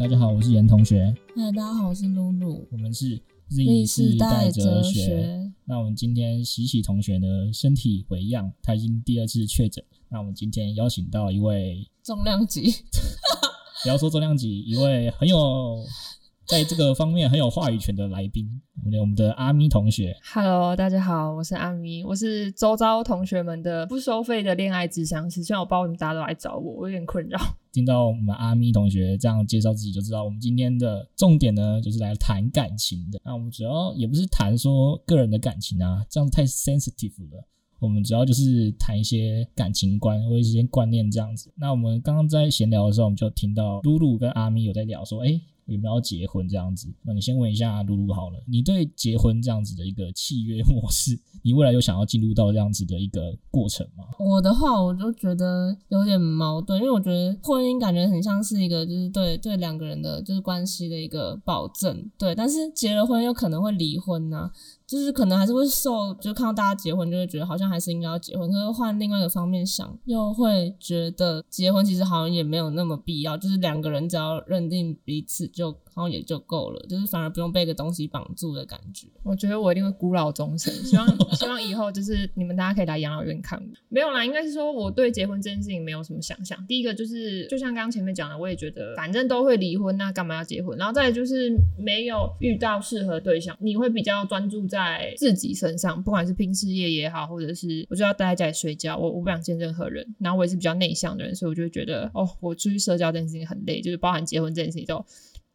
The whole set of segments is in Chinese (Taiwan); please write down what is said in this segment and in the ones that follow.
大家好，我是嚴同學。嗨，大家好，我是露露。我們是 Z 世代世代哲學。那我們今天喜喜同學呢，身體微恙，他已經第二次確診。那我們今天邀請到一位重量級， 不要說重量級，一位很有。在這個方面很有話語權的來賓，我們的阿咪同學，Hello，大家好，我是阿咪，我是周遭同學們的不收費的戀愛智囊師。雖然我不知道大家都來找我，我有點困擾。聽到我們阿咪同學這樣介紹自己，就知道我們今天的重點呢，就是來談感情的。那我們主要也不是談說個人的感情啊，這樣子太 sensitive 了。我們主要就是談一些感情觀，或者是一些觀念這樣子。那我們剛剛在閒聊的時候，我們就聽到露露跟阿咪有在聊說，哎、欸。有沒有要結婚這樣子？那你先問一下露露好了。你對結婚這樣子的一個契約模式，你未來有想要進入到這樣子的一個過程嗎？我的話，我就覺得有點矛盾，因為我覺得婚姻感覺很像是一個，就是對對兩個人的，就是關係的一個保證。對，但是結了婚又可能會離婚啊。就是可能還是會受，就看到大家結婚，就會覺得好像還是應該要結婚。可是換另外一個方面想，又會覺得結婚其實好像也沒有那麼必要。就是兩個人只要認定彼此就。然後也就夠了，就是反而不用被個東西綁住的感覺。我覺得我一定會孤老終生，希望希望以後就是你們大家可以來養老院看我。 沒有啦，應該是說我對結婚這件事情沒有什麼想象。第一個就是就像剛剛前面講的，我也覺得反正都會離婚，那幹嘛要結婚？然後再就是沒有遇到適合對象，你會比較專注在自己身上，不管是拼事業也好，或者是我就要待在家裡睡覺，我我不想見任何人。然後我也是比較內向的人，所以我就會覺得哦，我出去社交這件事情很累，就是包含結婚這件事情都。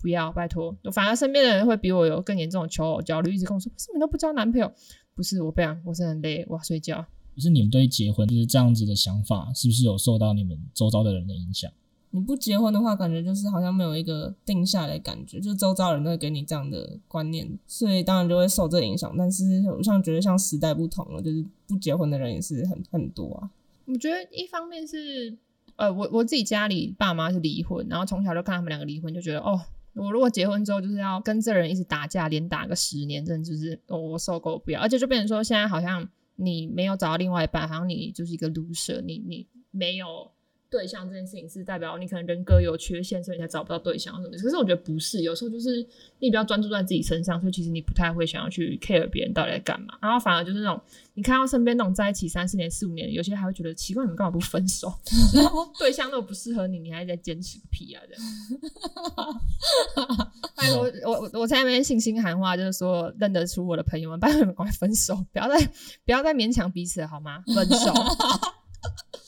不要，拜託！反而身邊的人會比我有更嚴重的求偶焦慮，一直跟我說：“為什麼都不交男朋友？”不是我不想，我是很累，我要睡覺。可是你們對結婚，就是這樣子的想法，是不是有受到你們周遭的人的影響？你不結婚的話，感覺就是好像沒有一個定下來感覺，就周遭人都會給你這樣的觀念，所以當然就會受這影響。但是好像覺得像時代不同了，就是不結婚的人也是很很多啊。我覺得一方面是，呃，我我自己家裡爸媽是離婚，然後從小就看他們兩個離婚，就覺得哦。我如果結婚之後就是要跟這個人一直打架，連打個十年，真的就是、哦、我受夠，不要。而且就變成說，現在好像你沒有找到另外一半，好像你就是一個 loser，你你沒有對象這件事情是代表你可能人格有缺陷，所以你才找不到對象什麼的。可是我覺得不是，有時候就是你比較專注在自己身上，所以其實你不太會想要去 care 別人到底在幹嘛。然後反而就是那種你看到身邊那種在一起三四年、四五年，有些人還會覺得奇怪，你們幹嘛不分手？然後對象都不適合你，你還在堅持屁啊！這樣。 哎、我我我在那邊信心喊話，就是說認得出我的朋友們，拜託你們趕快分手，不要再不要再勉強彼此了好嗎？分手。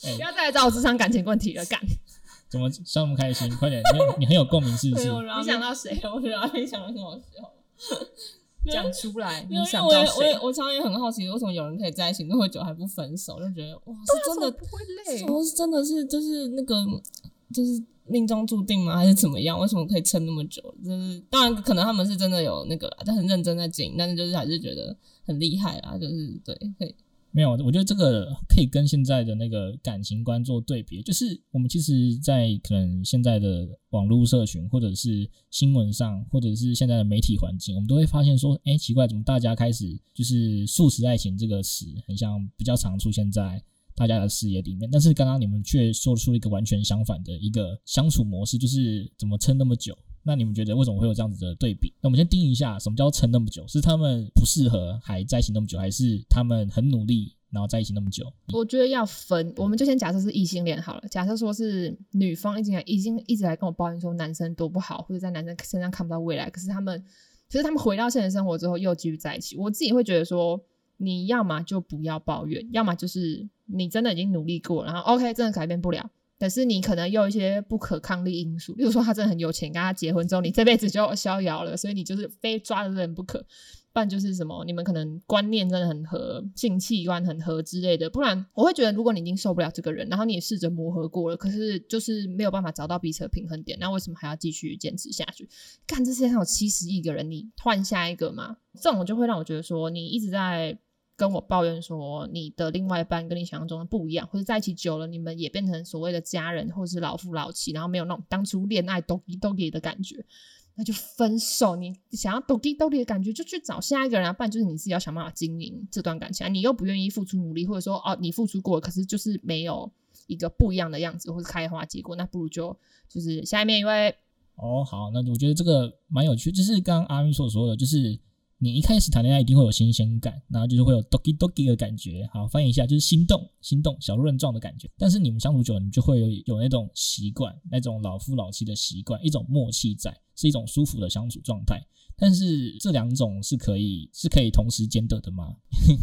不、欸、要再來找我諮商感情問題了，幹，怎麼笑那麼開心？ 快點，你你很有共鳴 是不、啊、是？你想到誰？我知道你想到什麼時候？講出來，因為我也我我常常也很好奇，為什麼有人可以在一起那麼久還不分手？就覺得哇，是真的不會累？什麼是真的是就是那個就是命中注定嗎？還是怎麼樣？為什麼可以撐那麼久？就是當然可能他們是真的有那個啦，就很認真在經營，但是就是還是覺得很厲害啦，就是對，沒有，我覺得這個可以跟現在的那個感情觀做對比。就是我們其實，在可能現在的網絡社群，或者是新聞上，或者是現在的媒體環境，我們都會發現說，哎，奇怪，怎麼大家開始就是“速食愛情”這個詞，很像比較常出現在大家的視野裡面。但是剛剛你們卻說出了一個完全相反的一個相處模式，就是怎麼撐那麼久？那你們覺得為什麼會有這樣子的對比？那我們先定一下，什麼叫撐那麼久？是他們不適合還在一起那麼久，還是他們很努力然後在一起那麼久？我覺得要分，我們就先假設是異性戀好了。假設說是女方已經已經一直來跟我抱怨說男生多不好，或者在男生身上看不到未來，可是他們，其實他們回到現實生活之後又繼續在一起。我自己會覺得說，你要麼就不要抱怨，要麼就是你真的已經努力過，然後 OK 真的改變不了。可是你可能有一些不可抗力因素，例如說他真的很有錢，跟他結婚之後你這輩子就逍遙了，所以你就是非抓着這人不可，不然就是什麼，你們可能觀念真的很合，性器官很合之類的，不然我會覺得如果你已經受不了這個人，然後你也試着磨合過了，可是就是沒有辦法找到彼此的平衡點，那為什麼還要繼續堅持下去？幹，這世界上有七十億個人，你換下一個嘛？這種就會讓我覺得說你一直在。跟我抱怨說，你的另外一半跟你想象中的不一樣，或者在一起久了，你們也變成所謂的家人，或者是老夫老妻，然後沒有那種當初戀愛斗地斗地的感覺，那就分手。你想要斗地斗地的感覺，就去找下一個人啊，要不然就是你自己要想辦法經營這段感情啊。你又不願意付出努力，或者說哦你付出過，可是就是沒有一個不一樣的樣子，或者開花結果，那不如就就是下面一位。哦好，那我覺得這個蠻有趣，就是剛剛阿雲所說的，就是。你一開始談戀愛一定會有新鮮感，然後就是會有 Doki Doki 的感覺，好翻譯一下就是心動、心動、小鹿亂撞的感覺。但是你們相處久了，你就會有有那種習慣，那種老夫老妻的習慣，一種默契在，是一種舒服的相處狀態。但是這兩種是可以是可以同時兼得的嗎？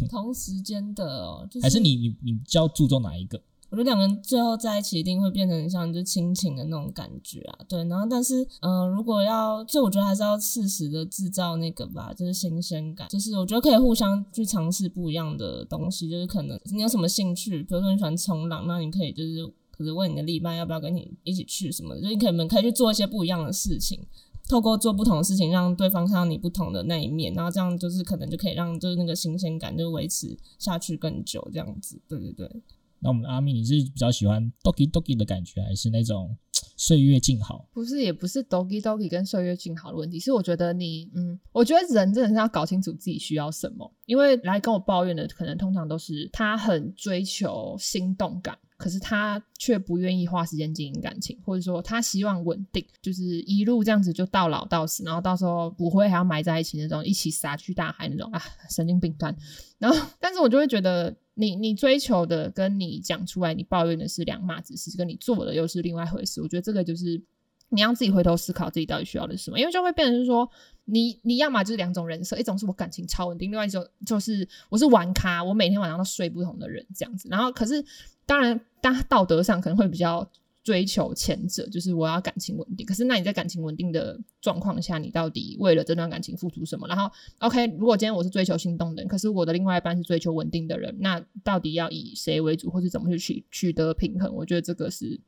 同時兼得哦、就是，還是你你你比較注重哪一個？我覺得兩個人最後在一起一定會變成很像就親情的那種感覺啊，對。然後，但是，嗯、呃，如果要，就我覺得還是要適時的制造那個吧，就是新鮮感。就是我覺得可以互相去嘗試不一樣的東西。就是可能你有什麼興趣，比如說你喜歡衝浪，那你可以就是，可是問你的另一半要不要跟你一起去什麼的，就你可以們可以去做一些不一樣的事情。透過做不同的事情，讓對方看到你不同的那一面，然後這樣就是可能就可以讓就是那個新鮮感就維持下去更久，這樣子。對對對。那我們阿咪，你是比較喜歡 Doki Doki 的感覺，還是那種歲月靜好？不是，也不是 Doki Doki 跟歲月靜好的問題，是我覺得你，嗯，我覺得人真的是要搞清楚自己需要什麼。因為來跟我抱怨的，可能通常都是他很追求心動感。可是他卻不願意花時間經營感情，或者說他希望穩定，就是一路這樣子就到老到死，然後到時候骨灰還要埋在一起那種一起撒去大海那種啊，神經病團。然後，但是我就會覺得你，你你追求的跟你講出來，你抱怨的是兩碼子事，跟你做的又是另外一回事。我覺得這個就是。你要自己回頭思考自己到底需要的是什麼，因為就會變成是說，你你要麼就是兩種人設，一種是我感情超穩定，另外一種就是我是玩咖，我每天晚上都睡不同的人這樣子。然後，可是當然，當道德上可能會比較。追求前者就是我要感情穩定，可是那你在感情穩定的狀況下，你到底為了這段感情付出什麼？然後，OK，如果今天我是追求心動的人，可是我的另外一半是追求穩定的人，那到底要以誰為主，或是怎麼去取取得平衡？我覺得這個是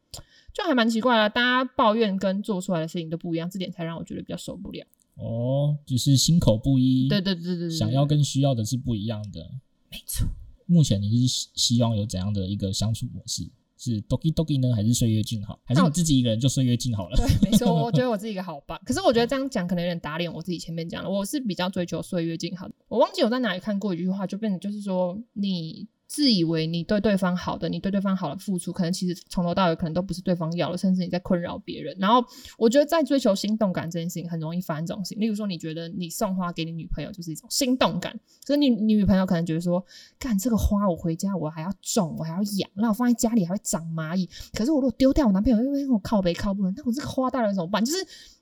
就還蠻奇怪的。大家抱怨跟做出來的事情都不一樣，這點才讓我覺得比較受不了。哦，就是心口不一。對對對對對，對，對，想要跟需要的是不一樣的。沒錯，目前你是希希望有怎樣的一個相處模式？是 Doki Doki 呢，還是歲月靜好？還是我自己一個人就歲月靜好了？Oh. 對，沒錯，我覺得我自己一個好棒。 可是我覺得這樣講可能有點打臉，我自己前面講了，我是比較追求歲月靜好的。我忘記我在哪裡看過一句話，就變成就是說你。自以為你對對方好的，你對對方好的付出，可能其實從頭到尾可能都不是對方要的，甚至你在困擾別人。然後我覺得在追求心動感這件事情很容易發生這種事情。例如說，你覺得你送花給你女朋友就是一種心動感，所以你女、女朋友可能覺得說，幹這個花我回家我還要種，我還要養，然後放在家裡還會長螞蟻。可是我如果丟掉，我男朋友因為我靠北靠不穩，那我這個花帶來怎麼辦？就是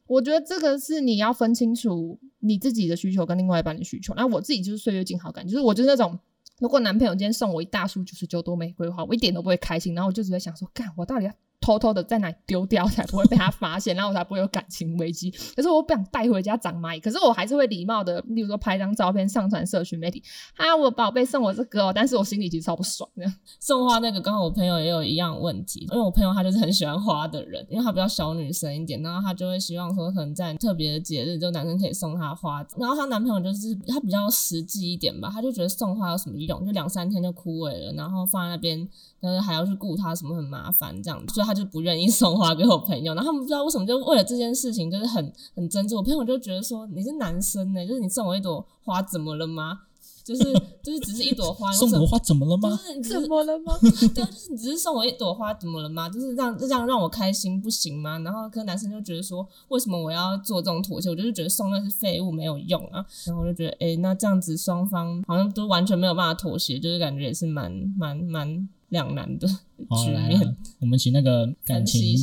我覺得這個是你要分清楚你自己的需求跟另外一半的需求。那我自己就是歲月靜好感，就是我就是那種。如果男朋友今天送我一大束九十九朵玫瑰花，我一點都不會開心，然後我就只會想說：幹，我到底要⋯⋯偷偷的在哪裡丟掉，才不會被他發現，然後我才不會有感情危機。 可是我不想帶回家長螞蟻，可是我還是會禮貌的，例如說拍張照片上傳社群媒體。啊，我寶貝送我這個喔，但是我心裡其實超不爽的。送花那個，剛好我朋友也有一樣問題，因為我朋友她就是很喜歡花的人，因為她比較小女生一點，然後她就會希望說能在特別的節日，就男生可以送她花。然後她男朋友就是他比較實際一點吧，他就覺得送花有什麼用，就兩三天就枯萎了，然後放在那邊。但是還要去顧他什麼很麻煩這樣，所以他就不願意送花給我朋友。然後他們不知道為什麼，就為了這件事情，就是很很爭執。我朋友就覺得說，你是男生呢、欸，就是你送我一朵花怎麼了嗎？就是就是只是一朵花。送我花怎麼了嗎？就是、你是怎麼了嗎？對，就是、你只是送我一朵花怎麼了嗎？就是讓這，這樣讓我開心不行嗎？然後跟男生就覺得說，為什麼我要做這種妥協？我就是覺得送那些廢物沒有用啊。然後我就覺得，哎、欸，那這樣子雙方好像都完全沒有辦法妥協，就是感覺也是蠻蠻蠻。兩難的局面。我們請那個感情，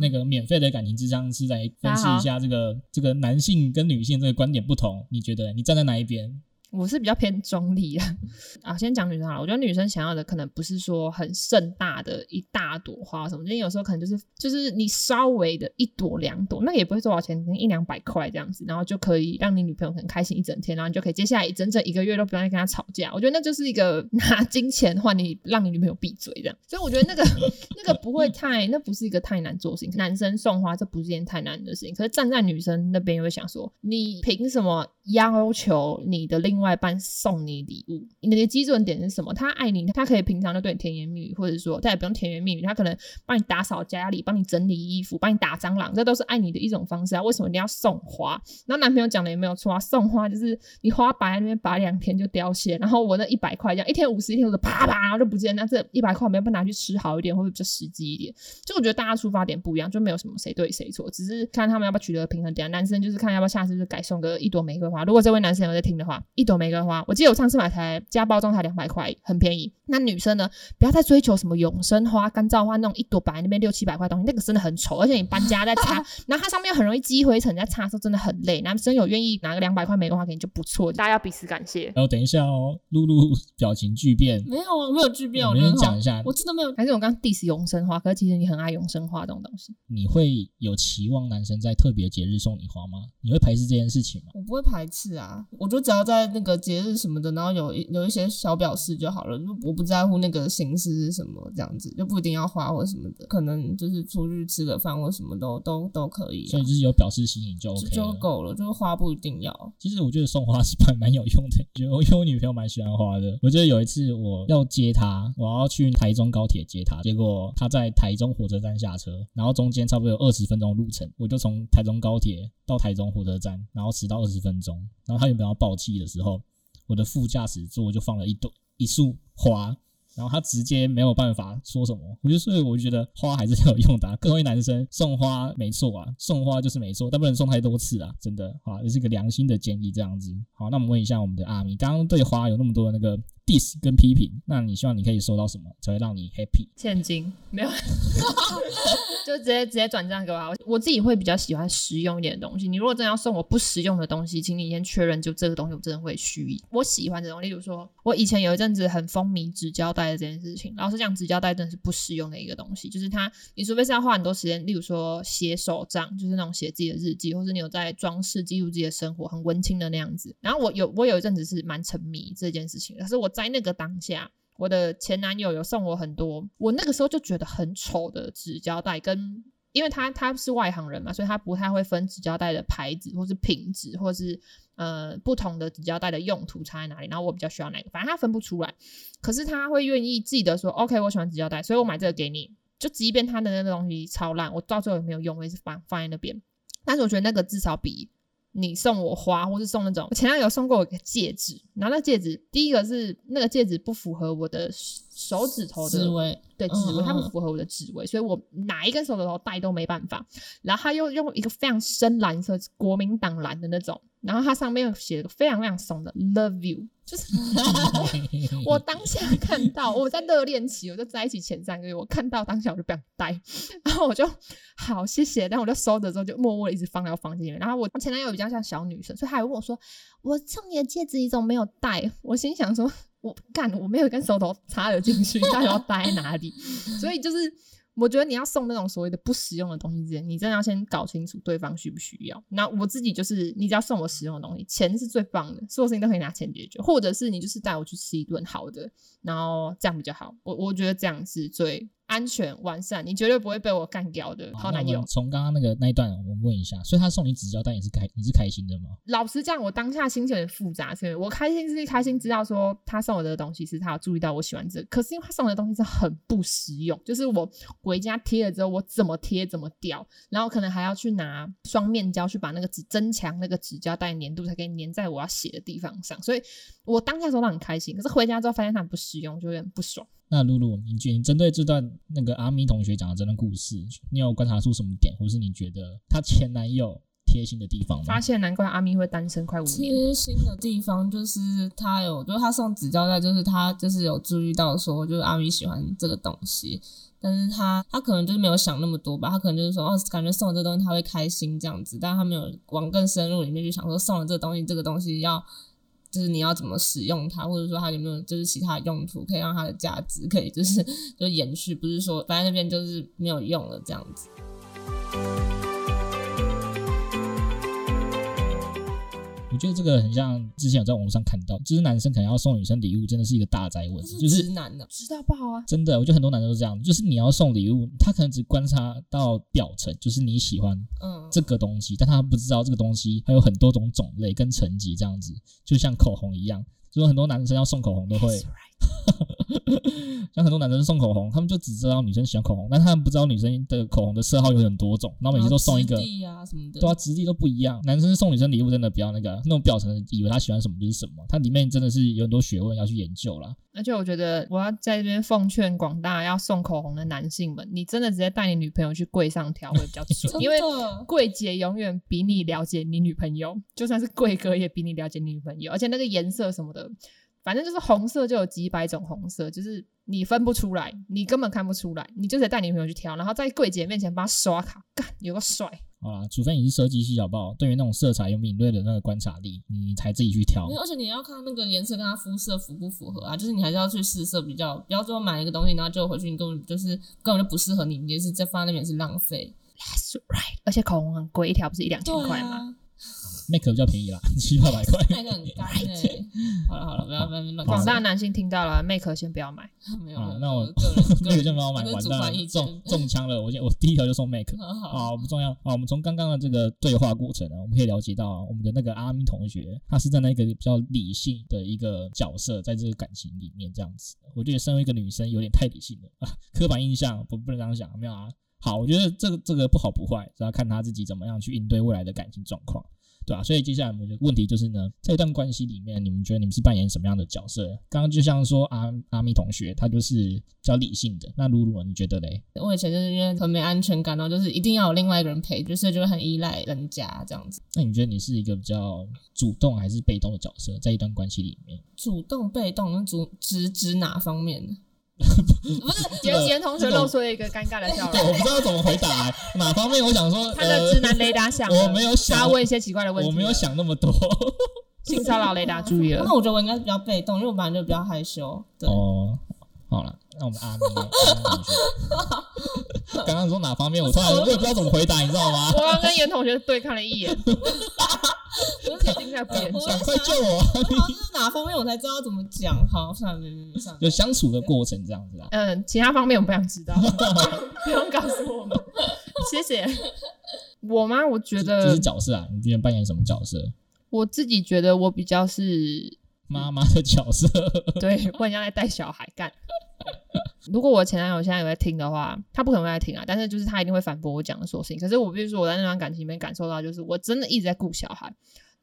那個免費的感情智商師，來分析一下這個這個男性跟女性這個觀點不同。你覺得你站在哪一邊？我是比較偏中立的啊，先講女生好了，我覺得女生想要的可能不是說很盛大的一大朵花什麼，因為有時候可能就是就是你稍微的一朵兩朵，那也不會多少錢，可能一兩百塊這樣子，然後就可以讓你女朋友很開心一整天，然後你就可以接下來整整一個月都不用再跟她吵架。我覺得那就是一個拿金錢換你讓你女朋友閉嘴這樣，所以我覺得那個 那個不會太，那不是一個太難做的事情。男生送花這不是一件太難的事情，可是站在女生那邊又會想說，你憑什麼要求你的另。另外一半送你禮物，你的基準點是什麼？他愛你，他可以平常的對你甜言蜜語，或者說他也不用甜言蜜語，他可能幫你打掃家裡，幫你整理衣服，幫你打蟑螂，這都是愛你的一種方式啊。為什麼你要送花？然後男朋友講的也沒有錯啊，送花就是你花擺在那邊擺兩天就凋謝，然後我那一百塊這樣一天五十一天我就啪啪就不見。那這一百塊我們要不拿去吃好一點，或者比較實際一點？就我覺得大家出發點不一樣，就沒有什麼誰對誰錯，只是看他們要不要取得平衡點。男生就是看要不要下次就改送個一朵玫瑰花。如果這位男生有，有在聽的話，一。朵玫瑰花，我記得我上次買才加包裝才兩百塊，很便宜。那女生呢？不要再追求什麼永生花、乾燥花那種一朵擺那邊六七百塊東西，那個真的很醜，而且你搬家再擦， 然後它上面很容易積灰塵，再擦的時候真的很累。男生有願意拿個兩百塊玫瑰花給你就不錯，大家要彼此感謝。然後、哦、等一下哦，露露表情巨變，沒有啊，沒有巨變，我跟你講一下，我真的沒有，還是我剛 diss 永生花，可是其實你很愛永生花這種東西。你會有期望男生在特別節日送你花嗎？你會排斥這件事情嗎？我不會排斥啊，我就只要在那個節日什麼的，然後有一有一些小表示就好了，就不。不在乎那個形式是什麼，這樣子就不一定要花或什麼的，可能就是出去吃個飯或什麼都都都可以、啊。所以就是有表示心意就 OK 了，就夠了，就是花不一定要。其實我覺得送花是蠻蠻有用的，因為因為我女朋友蠻喜歡花的。我記得有一次我要接她，我要去台中高鐵接她，結果她在台中火車站下車，然後中間差不多有二十分鐘的路程，我就從台中高鐵到台中火車站，然後遲到二十分鐘，然後她原本要爆氣的時候，我的副駕駛座就放了一朵。一束花，然後他直接沒有辦法說什麼，我就所以我就覺得花還是很有用的啊。各位男生送花沒錯啊，送花就是沒錯，但不能送太多次啊，真的啊，也是一個良心的建議這樣子。好，那我們問一下我們的阿米，剛剛對花有那麼多的那個。dis 跟批評，那你希望你可以收到什麼才會讓你 happy？現金沒有， 就直接直接轉賬給我。我我自己會比較喜歡實用一點的東西。你如果真的要送我不實用的東西，請你先確認，就這個東西我真的會虛。我喜歡這種，例如說我以前有一陣子很風靡紙膠帶的這件事情，老實講紙膠帶真的是不實用的一個東西，就是它你除非是要花很多時間，例如說寫手賬，就是那種寫自己的日記，或是你有在裝飾記錄自己的生活，很溫馨的那樣子。然後我有我有一陣子是蠻沉迷這件事情，可是我。在那個當下，我的前男友有送我很多我那個時候就覺得很醜的紙膠帶跟，跟因為他他是外行人嘛，所以他不太會分紙膠帶的牌子或是品質，或是呃不同的紙膠帶的用途差在哪裡。然後我比較需要哪個，反正他分不出來，可是他會願意記得說，OK，我喜歡紙膠帶，所以我買這個給你。就即便他的那個東西超爛，我到最後也沒有用，我也是放放在那邊。但是我覺得那個至少比。你送我花，或是送那種，我前男友送過我一個戒指，然後那戒指，第一個是那個戒指不符合我的。手指頭的指圍，對指圍，它不符合我的指圍，嗯，所以我哪一根手指頭戴都沒辦法。然後他又用一個非常深藍色、國民黨藍的那種，然後它上面又寫一個非常非常慫的 “love you”，就是 我，我當下看到，我在熱戀期，我就在一起前三個月，我看到當下我就不想戴，然後我就好謝謝，但我就收着之後就默默一直放在我房間裡面。然後我前男友比較像小女生，所以他還問我說：“我送你的戒指你怎麼沒有戴？”我心想說。我幹，我沒有一根手頭插了進去，到底要待在哪裡？ 所以就是，我覺得你要送那種所謂的不實用的東西之前，你真的要先搞清楚對方需不需要。那我自己就是，你只要送我實用的東西，錢是最棒的，所有事情都可以拿錢解決，或者是你就是帶我去吃一頓好的，然後這樣比較好。我我覺得這樣是最。安全完善，你絕對不會被我幹掉的，好難用。從剛剛那個那一段啊，我們問一下，所以他送你紙膠帶也是開，你是開心的嗎？老實講，我當下心情很複雜，是因為我開心是一開心，知道說他送我的東西是他有注意到我喜歡這個，可是因為他送我的東西是很不實用，就是我回家貼了之後，我怎麼貼怎麼掉，然後可能還要去拿雙面膠去把那個紙增強那個紙膠帶粘度，才可以粘在我要寫的地方上。所以我當下收到很開心，可是回家之後發現它很不實用，就有點不爽。那露露，你覺得你針對這段那個阿咪同學講的這段故事，你有觀察出什麼點，或是你覺得她前男友貼心的地方嗎？發現難怪阿咪會單身快五年。貼心的地方就是他有，就是他送紙膠帶，就是他就是有注意到說，就是阿咪喜歡這個東西，但是他他可能就是沒有想那麼多吧，他可能就是說，哦，感覺送了這個東西他會開心這樣子，但他沒有往更深入裡面去想，說送了這個東西，這個東西要。就是你要怎麼使用它，或者說它有沒有就是其他用途，可以讓它的價值可以就是就延續，不是說在那邊就是沒有用了這樣子。我覺得這個很像之前有在網絡上看到，就是男生可能要送女生禮物，真的是一個大哉問，就是直男的知道、就是、不好啊。真的，我覺得很多男生都是這樣，就是你要送禮物，他可能只觀察到表層，就是你喜歡這個東西，嗯、但他不知道這個東西還有很多種種類跟層級，這樣子就像口紅一樣，所、就、以、是、很多男生要送口紅都會。 像很多男生送口紅，他們就只知道女生喜歡口紅，但他們不知道女生的口紅的色號有很多種，然後每次都送一個，啊啊對啊，質地都不一樣。男生送女生禮物真的比較那個，那種表層以為他喜歡什麼就是什麼，它裡面真的是有很多學問要去研究啦。而且我覺得我要在這邊奉勸廣大要送口紅的男性們，你真的直接帶你女朋友去櫃上挑會比較準， 因為櫃姐永遠比你了解你女朋友，就算是櫃哥也比你了解你女朋友，而且那個顏色什麼的。反正就是紅色就有幾百種紅色，就是你分不出來，你根本看不出來，你就得帶你女朋友去挑，然後在櫃姐面前幫他刷卡，幹，有個帥。好啦，除非你是收集細小包，對於那種色彩有敏銳的那個觀察力，你才自己去挑。而且你要看那個顏色跟它膚色符不符合啊，就是你還是要去試色比較，比方說買一個東西，然後就回去你根本就是根本就不適合你，你也是再放在放那邊是浪費。That's right。而且口紅很貴，一條不是一兩千塊嗎？make 比較便宜啦，七八百塊。m a 很 e 很好了好，好，好，好，好，好，好了，不要不要。廣大男性聽到了，make 先不要買。沒有，那我 m a 先不要買完蛋了，中中槍了。我先我第一條就送 make。好，不重要。好，我們從剛剛的這個對話過程呢、啊，我們可以了解到、啊，我們的那個阿咪同學，她是在那個比較理性的一個角色，在這個感情裡面這樣子。我覺得身為一個女生，有點太理性了，刻 板印象不不能這樣想，沒有啊。好，我覺得這個這個不好不壞，主要看她自己怎麼樣去應對未來的感情狀況。對吧、啊？所以接下來我們的問題就是呢，在一段關係裡面，你們覺得你們是扮演什麼樣的角色？剛剛就像說阿阿咪同學，他就是比較理性的。那露露，你覺得嘞？我以前就是因為很沒安全感，然後就是一定要有另外一個人陪，就是就會很依賴人家這樣子。那你覺得你是一個比較主動還是被動的角色在一段關係裡面？主動、被動，主指指哪方面呢？不是，嚴嚴同學露出了一個尷尬的笑容。對，我不知道怎麼回答、欸， 哪方面？我想說、呃，他的直男雷達響我沒有想，他問一些奇怪的問題，我沒有想那麼多。 性騷擾雷達注意了。那我覺得我應該比較被動，因為我本來就比較害羞。對哦，好了，那我們阿明，剛剛 說哪方面？我突然，我不知道怎麼回答， 你知道嗎？我剛跟嚴同學對看了一眼。 我正在變，快救我，啊！ 我我是哪方面，我才知道要怎麼講。哈，算了，算了，有相處的過程這樣子啦。嗯，其他方面我不想知道， 不用告訴我們，謝謝。我嗎？我覺得是角色啊。你今天扮演什麼角色？我自己覺得我比較是媽媽的角色。對，不然要來帶小孩幹幹如果我前男友現在有在聽的話，他不可能會在聽啊。但是就是他一定會反駁我講的所有事情。可是我必須說，我在那段感情裡面感受到，就是我真的一直在顧小孩。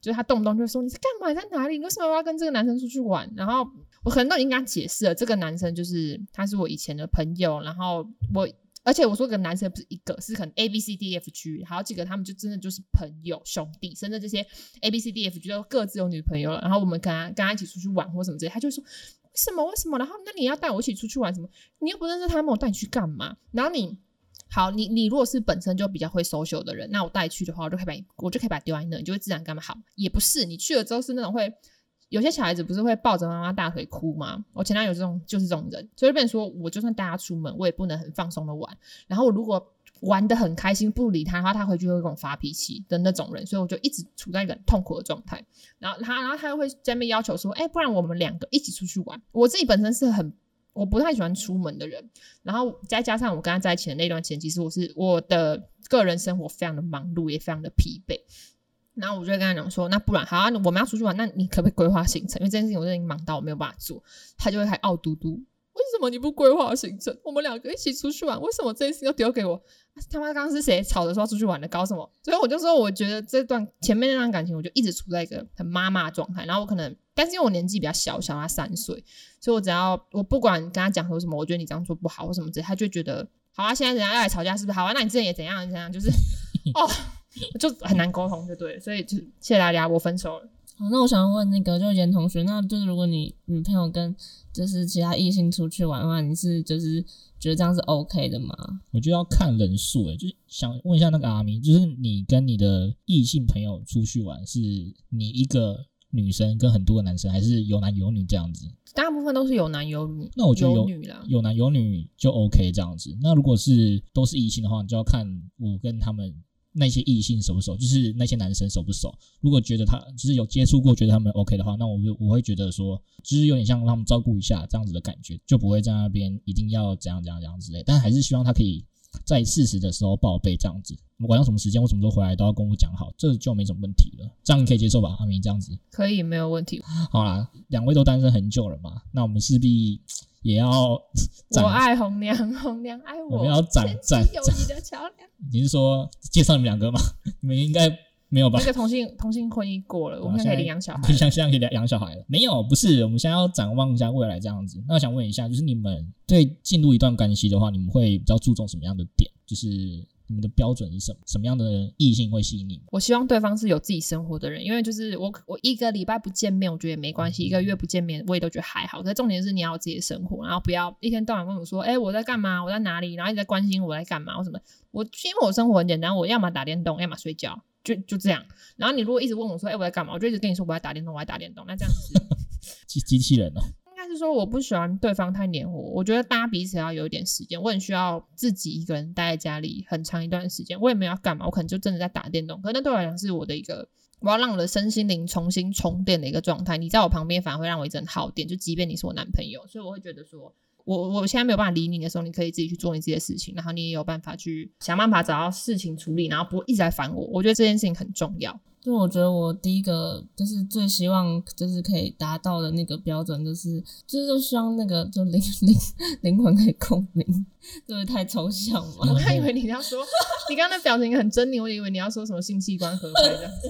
就是他動不動就說你是幹嘛在哪裡？你為什麼要跟這個男生出去玩？然後我可能都已經跟他解釋了，這個男生就是他是我以前的朋友。然後我而且我說個男生不是一個，是很 A B C D F G 好幾個，他們就真的就是朋友兄弟，甚至這些 A B C D F G 都各自有女朋友了。然後我們剛剛跟他一起出去玩或什麼之類，他就說。什麼？為什麼？然後那你要帶我一起出去玩什麼？你又不認識他們，我帶你去幹嘛？然後你好，你你如果是本身就比較會 social 的人，那我帶去的話，我就可以把你，我就可以把你丟在那，你就會自然幹嘛？好，也不是，你去了之後是那種會，有些小孩子不是會抱着媽媽大腿哭嗎？我前男友這種就是這種人，所以別說我就算帶他出門，我也不能很放鬆的玩。然後如果玩得很開心，不理他，然後他回去又跟我發脾氣的那種人，所以我就一直處在一個很痛苦的狀態。然後他，然後他又會正面要求說：“哎、欸，不然我們兩個一起出去玩。”我自己本身是很我不太喜歡出門的人，然後再加上我跟他在一起的那段前期，其實我是我的個人生活非常的忙碌，也非常的疲憊。然後我就會跟他講說：“那不然好，我們要出去玩，那你可不可以規劃行程？因為這件事情我真的忙到我沒有辦法做。”他就會還傲嘟嘟。為什麼你不規劃行程？我們兩個一起出去玩，為什麼這一次要丟給我？啊，他媽剛剛是誰吵的時候出去玩的？搞什麼？所以我就說，我覺得這段前面那段感情，我就一直處在一個很媽媽狀態。然後我可能，但是因為我年紀比較小，小他三歲，所以我只要我不管跟他講說什麼，我覺得你這樣做不好或什麼之類，他就覺得好啊。現在人家要來吵架是不是？好啊，那你之前也怎樣怎樣，就是哦，就很難溝通，就對了。所以就謝謝大家，我分手了。好，那我想要問那個就嚴同學，那就是如果你女朋友跟就是其他異性出去玩的話，你是就是覺得這樣是 OK 的嗎？我就要看人數，誒就想問一下那個阿明，就是你跟你的異性朋友出去玩，是你一個女生跟很多個男生，還是有男有女這樣子？大部分都是有男有女。那我覺得有，有女啦，有男有女就 OK 這樣子。那如果是都是異性的話，你就要看我跟他們。那些異性熟不熟？就是那些男生熟不熟？如果覺得他就是有接觸過，覺得他們 OK 的話，那我就我會覺得說，就是有點像讓他們照顧一下這樣子的感覺，就不會在那邊一定要怎樣怎樣怎樣之類。但還是希望他可以在適時的時候報備這樣子，不管他什麼時間或什麼時候回來，都要跟我講好，這就沒什麼問題了。這樣可以接受吧？阿明這樣子。可以沒有問題。好啦，兩位都單身很久了嘛，那我們勢必。也要。我愛紅娘，紅娘愛我。我們要展斬你。你是說介紹你們兩個嗎？你們應該沒有吧？那個同性同性婚姻過了，我們現在可以領養小孩。現在可以養小孩了。沒有，不是。我們現在要展望一下未來這樣子。那我想問一下，就是你們對進入一段關係的話，你們會比較注重什麼樣的點？就是。你們的標準是什麼？什麼樣的異性會吸引你？我希望對方是有自己生活的人，因為就是我，我一個禮拜不見面，我覺得也沒關係；一個月不見面，我也都覺得還好。可是重點是你要有自己的生活，然後不要一天到晚問我說：“哎，我在幹嘛？我在哪裡？”然後你在關心我在幹嘛我什麼。我因為我生活很簡單，我要麼打電動，要麼睡覺，就就這樣。然後你如果一直問我說：“哎，我在幹嘛？”我就一直跟你說：“我在打電動，我在打電動。”那這樣子，機 機器人哦。就是、說我不喜歡對方太黏我，我覺得大家彼此要有一點時間，我很需要自己一個人待在家裡很長一段時間，我也沒有要幹嘛，我可能就真的在打電動。可那對我來講是我的一個，我要讓我的身心靈重新充電的一個狀態。你在我旁邊反而會讓我一直耗電，就即便你是我男朋友，所以我會覺得說，我我現在沒有辦法理你的時候，你可以自己去做你自己的事情，然後你也有辦法去想辦法找到事情處理，然後不會一直在煩我。我覺得這件事情很重要。就我覺得我第一個就是最希望就是可以達到的那個標準，就是就是就希望那個就靈靈靈魂可以共鳴，就是太，太抽象嘛。我還以為你要說， 你剛剛的表情很猙獰，我以為你要說什麼性器官合拍這樣子。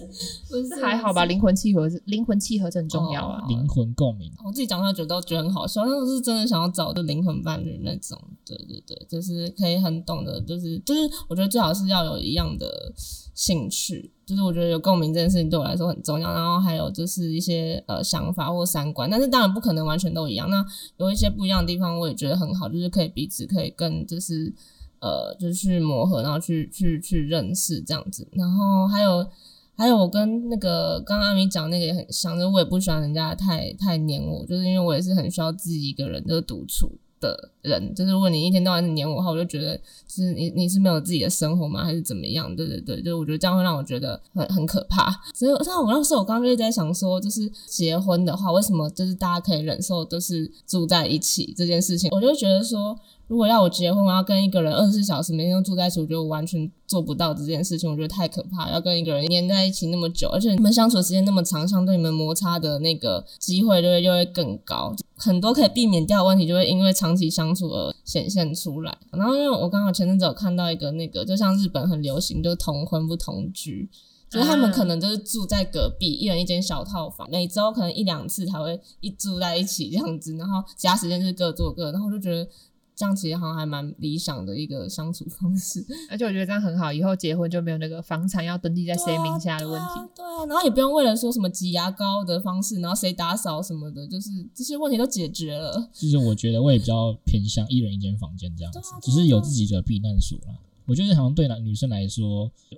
就是、這還好吧，靈魂契合是靈魂契合真的很重要啊。靈魂共鳴，我自己講出來都覺得很好笑。我是真的想要找就靈魂伴侶那種，對對對，就是可以很懂得，就是就是我覺得最好是要有一樣的。興趣就是我覺得有共鳴這件事情對我來說很重要，然後還有就是一些呃想法或三觀，但是當然不可能完全都一樣。那有一些不一樣的地方，我也覺得很好，就是可以彼此可以更、就是呃，就是呃就是磨合，然後去去去認識這樣子。然後還有還有我跟那個剛剛阿米講那個也很像，就是我也不喜歡人家太太黏我，就是因為我也是很需要自己一個人的獨、就是、處。的人，就是如果你一天到晚黏我的話，我就覺得，就是你你是沒有自己的生活嗎？還是怎麼樣？對對對，就是我覺得這樣會讓我覺得很很可怕。所以，我那時候我剛剛就在想說，就是結婚的話，為什麼就是大家可以忍受就是住在一起這件事情，我就覺得說。如果要我結婚，我要跟一個人二十四小時每天都住在一起，我覺得我完全做不到這件事情。我覺得太可怕，要跟一個人黏在一起那麼久，而且你們相處的時間那麼長，相對你們摩擦的那個機會就會就會更高，很多可以避免掉的問題就會因為長期相處而顯現出來。然後因為我剛好前陣子有看到一個那個，就像日本很流行，就同婚不同居，就是他們可能就是住在隔壁，一人一間小套房，每周可能一兩次才會一住在一起這樣子，然後其他時間就是各做各，然後我就覺得。這樣子也好像還蠻理想的一個相處方式，而且我覺得這樣很好，以後結婚就沒有那個房產要登記在誰名下的問題。對、啊對啊。對啊，然後也不用為了說什麼擠牙膏的方式，然後誰打掃什麼的，就是這些問題都解決了。其、就、實、是、我覺得我也比較偏向一人一間房間這樣子，只、啊啊啊就是有自己的避難所啦。我覺得好像對男女生來說，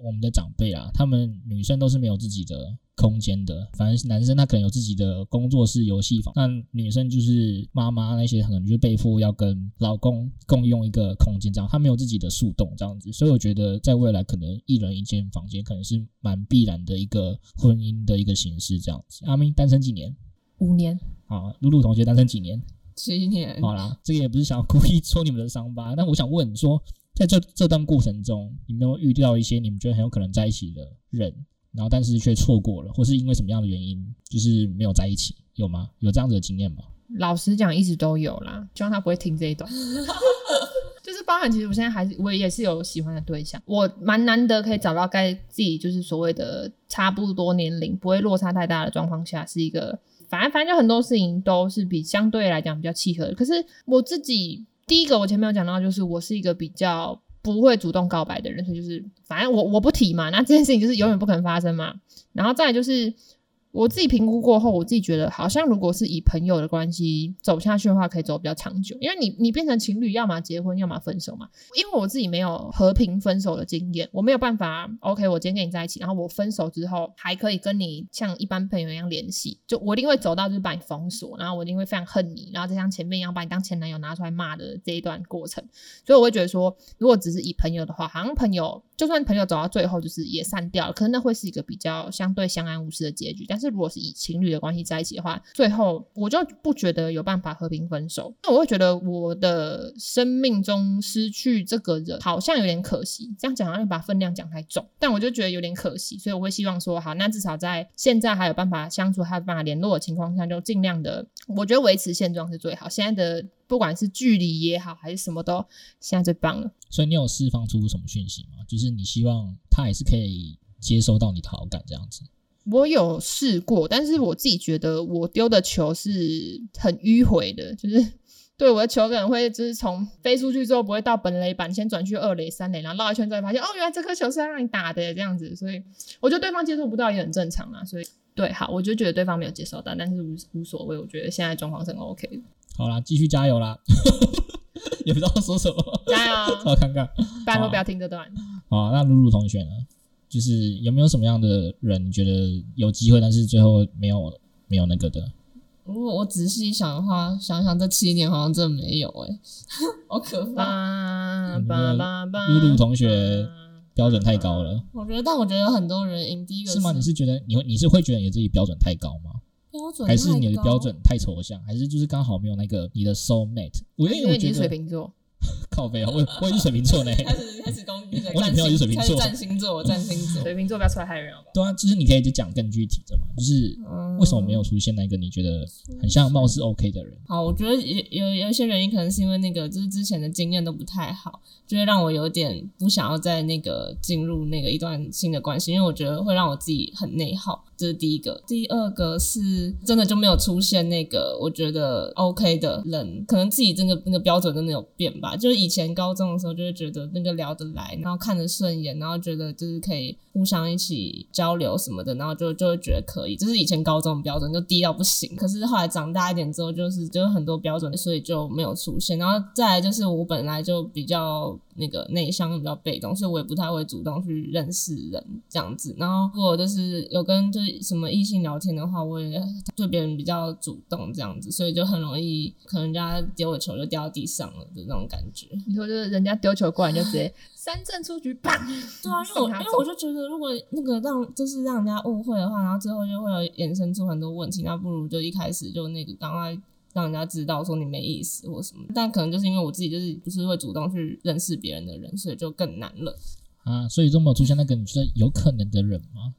我們的長輩啦，他們女生都是沒有自己的空間的，反正男生他可能有自己的工作室、遊戲房，但女生就是媽媽那些，可能就被迫要跟老公共用一個空間，這樣他沒有自己的樹洞，這樣子。所以我覺得在未來，可能一人一間房間，可能是蠻必然的一個婚姻的一個形式，這樣子。阿咪單身幾年？五年。好，露露同學單身幾年？七年。好啦，這個也不是想要故意戳你們的傷疤，但我想問說，說在這這段過程中，你們有沒有遇到一些你們覺得很有可能在一起的人？然後，但是卻錯過了，或是因為什麼樣的原因，就是沒有在一起，有嗎？有這樣子的經驗嗎？老實講，一直都有啦。希望他不會聽這一段， 就是包含其實我現在還是我也是有喜歡的對象，我蠻難得可以找到該自己就是所謂的差不多年齡，不會落差太大的狀況下，是一個反正反正就很多事情都是比相對來講比較契合的。可是我自己第一個我前面有講到，就是我是一個比較。不會主動告白的人，所以就是反正我我不提嘛，那這件事情就是永遠不可能發生嘛。然後再來就是。我自己評估過後，我自己覺得好像如果是以朋友的關係走下去的話，可以走比較長久。因為你你變成情侶，要麼結婚，要麼分手嘛。因為我自己沒有和平分手的經驗，我沒有辦法。OK，我今天跟你在一起，然後我分手之後還可以跟你像一般朋友一樣聯繫，就我一定會走到就是把你封鎖，然後我一定會非常恨你，然後再像前面一樣把你當前男友拿出來罵的這一段過程。所以我會覺得說，如果只是以朋友的話，好像朋友就算朋友走到最後就是也散掉了，可能那會是一個比較相對相安無事的結局，但是。如果是以情侶的關係在一起的話，最後我就不覺得有辦法和平分手。那我會覺得我的生命中失去這個人好像有點可惜。這樣講好像把分量講太重，但我就覺得有點可惜，所以我會希望說，好，那至少在現在還有辦法相處、還有辦法聯絡的情況下，就盡量的，我覺得維持現狀是最好。現在的不管是距離也好，還是什麼都，現在最棒了。所以你有釋放出什麼訊息嗎？就是你希望他也是可以接收到你的好感這樣子。我有試過，但是我自己覺得我丟的球是很迂迴的，就是對我的球可能會就是從飛出去之後不會到本壘板，先轉去二壘、三壘，然後繞一圈，再發現哦，原來這顆球是要讓你打的這樣子，所以我覺得對方接觸不到也很正常啊。所以對，好，我就覺得對方沒有接受到，但是無無所謂，我覺得現在狀況是很 OK 的。好啦，繼續加油啦！ 也不知道說什麼，加油！好，我看看，拜託不要聽這段。好啊，好啊，那露露同學呢？就是有沒有什麼樣的人覺得有機會，但是最後沒有沒有那個的？如果我仔細想的話，想一想這七年好像真的沒有誒、欸。 好可怕！巴巴吧巴吧，露露同學標準太高了。我覺得，但我覺得很多人贏，第一個是，是嗎？你是覺得你會，你是會覺得你自己標準太高嗎？標準還是你的標準太抽象，還是就是剛好沒有那個你的 soul mate？我、欸、因為因為你是水瓶座。靠北啊，我我也是水瓶座呢。開始開始攻擊，我女朋友也是水瓶座。佔星座，佔星座，水瓶座不要出來害人好不好？對啊，就是你可以就講更具體的嘛，就是為什麼沒有出現那個你覺得很像、貌似 OK 的人？嗯嗯嗯。好，我覺得有有有一些原因，可能是因為那個就是之前的經驗都不太好，就會、是、讓我有點不想要再那個進入那個一段新的關係，因為我覺得會讓我自己很內耗。這、就是第一個，第二個是真的就沒有出現那個我覺得 OK 的人，可能自己真的那個標準真的有變吧。就是以前高中的時候，就會覺得那個聊得來，然後看得順眼，然後覺得就是可以互相一起交流什麼的，然後就就會覺得可以，就是以前高中的標準就低到不行。可是後來長大一點之後、就是，就是就是很多標準，所以就沒有出現。然後再來就是我本來就比較。那個內向比較被動，所以我也不太會主動去認識人這樣子。然後如果就是有跟就是什麼異性聊天的話，我也對別人比較主動這樣子，所以就很容易可能人家丟我球就掉到地上了的那種感覺。你說就是人家丟球過來就直接三振出局吧。 對啊，因為我因為我就覺得如果那個讓就是讓人家誤會的話，然後之後就會有衍生出很多問題，那不如就一開始就那個剛剛。讓人家知道我說你沒意思或什麼，但可能就是因為我自己就是不是會主動去認識別人的人，所以就更難了。啊，所以就沒有出現那個你覺得有可能的人嗎？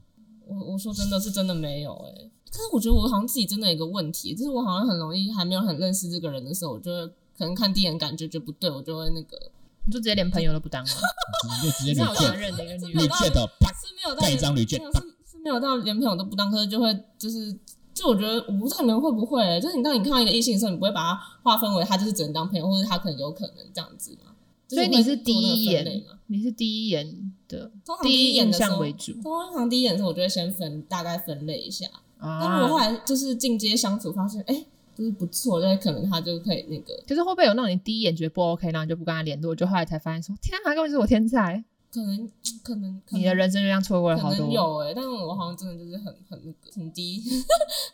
我我說真的是真的沒有哎、欸，可是我覺得我好像自己真的有一個問題，就是我好像很容易還沒有很認識這個人的時候，我就會可能看第一眼感覺就不對，我就會那個，你就直接連朋友都不當了，就直接離間，離間的啪，是沒有到離張是，是沒有到連朋友都不當，可是就會就是。就我覺得我不知道你們會不會、欸，就是你當你看到一個異性的時候，你不會把他劃分為他就是只能當朋友，或者他可能有可能這樣子嗎？所以你是第一眼、就是、嗎你是第一眼的，第一眼的印象為主。通常第一眼的時候，我就會先分大概分類一下。那、啊、如果後來就是進階相處，發現哎、欸，就是不錯，那可能他就可以那個。就是會不會有讓你第一眼覺得不 OK，然後你就不跟他聯絡，就後來才發現說天哪、啊，根本就是我天才。可能可能，可能，你的人生就這樣錯過了好多了。有哎、欸，但是我好像真的就是很很很低，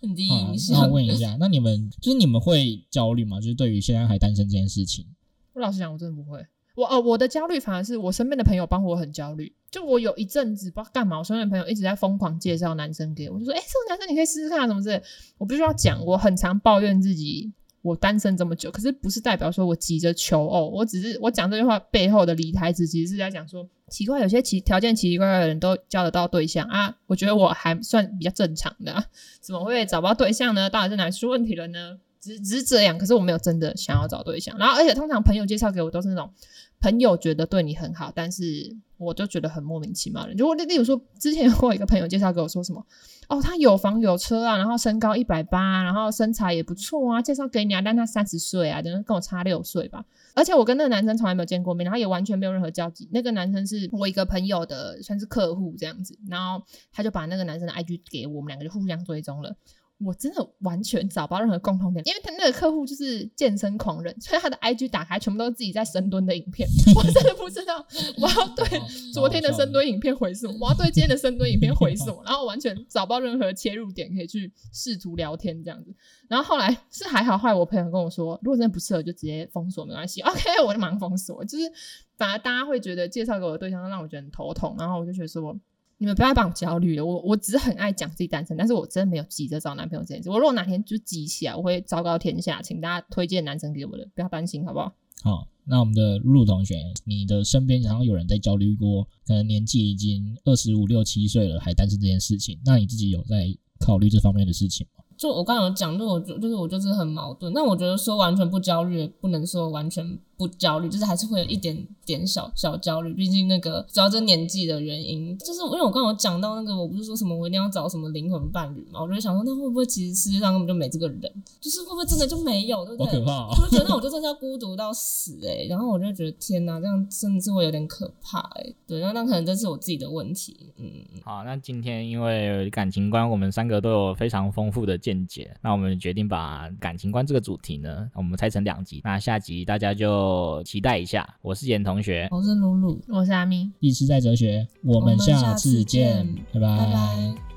很低。那 我、啊、問一下，那你們就是你們會焦慮嗎？就是對於現在還單身這件事情？我老實講，我真的不會。我哦、呃，我的焦慮反而是我身邊的朋友幫我很焦慮。就我有一陣子不知道幹嘛，我身邊的朋友一直在瘋狂介紹男生給我，就說：“哎、欸，這個男生你可以試試看啊，什麼之類。”我必須要講，我很常抱怨自己我單身這麼久，可是不是代表說我急着求偶。我只是我講這句話背後的潛台詞，其實是在講說。奇怪，有些奇條件奇奇怪怪的人都交得到對象啊！我覺得我還算比較正常的，怎麼會找不到對象呢？到底是哪出問題了呢？只只是這樣，可是我沒有真的想要找對象。然後，而且通常朋友介紹給我都是那種朋友覺得對你很好，但是。我就覺得很莫名其妙了。如果那，那有時候，之前我有一個朋友介紹給我說什麼，哦，他有房有車啊，然後身高一百八，然後身材也不錯啊，介紹給你啊，但他三十歲啊，等於跟我差六歲吧。而且我跟那個男生從來沒有見過面，他也完全沒有任何交集。那個男生是我一個朋友的，算是客戶這樣子，然後他就把那個男生的 I G 給我，我們兩個就互相追蹤了。我真的完全找不到任何共同點，因為他那個客戶就是健身狂人，所以他的 IG 打開全部都是自己在深蹲的影片。 我真的不知道我要對昨天的深蹲影片回什麼， 我要對今天的深蹲影片回什麼， 然後完全找不到任何切入點可以去試圖聊天這樣子。然後後來是還好，後來我朋友跟我說，如果真的不適合就直接封鎖，沒關係。OK，我就忙封鎖，就是反而大家會覺得介紹給我的對象讓我覺得很頭痛，然後我就覺得說。你們不要把我焦慮了，我我只是很愛講自己單身，但是我真的沒有急着找男朋友這件事。我如果哪天就急起來，我會昭告天下，請大家推薦男生給我的，不要擔心，好不好？好，那我們的陸同學，你的身邊然後有人在焦慮過，可能年紀已經二十五六七歲了還單身這件事情，那你自己有在考慮這方面的事情嗎？就我剛有講，就我就就是我就是很矛盾。那我覺得說完全不焦慮，不能說完全。不焦慮，就是還是會有一點點小小焦慮。畢竟那個主要這年紀的原因，就是因為我剛剛有講到那個，我不是說什麼我一定要找什麼靈魂伴侶嘛，我就想說，那會不會其實世界上根本就沒這個人？就是會不會真的就沒有，對不對？啊、我就覺得那我就真的要孤獨到死哎、欸，然後我就覺得天哪，這樣真的是會有點可怕哎、欸。對，那那可能這是我自己的問題。嗯，好，那今天因為感情觀我們三個都有非常豐富的見解，那我們決定把感情觀這個主題呢，我們拆成兩集。那下集大家就。我期待一下，我是嚴同學，我是魯魯，我是阿咪，一直在哲學。我們下次見，次見，拜拜。拜拜。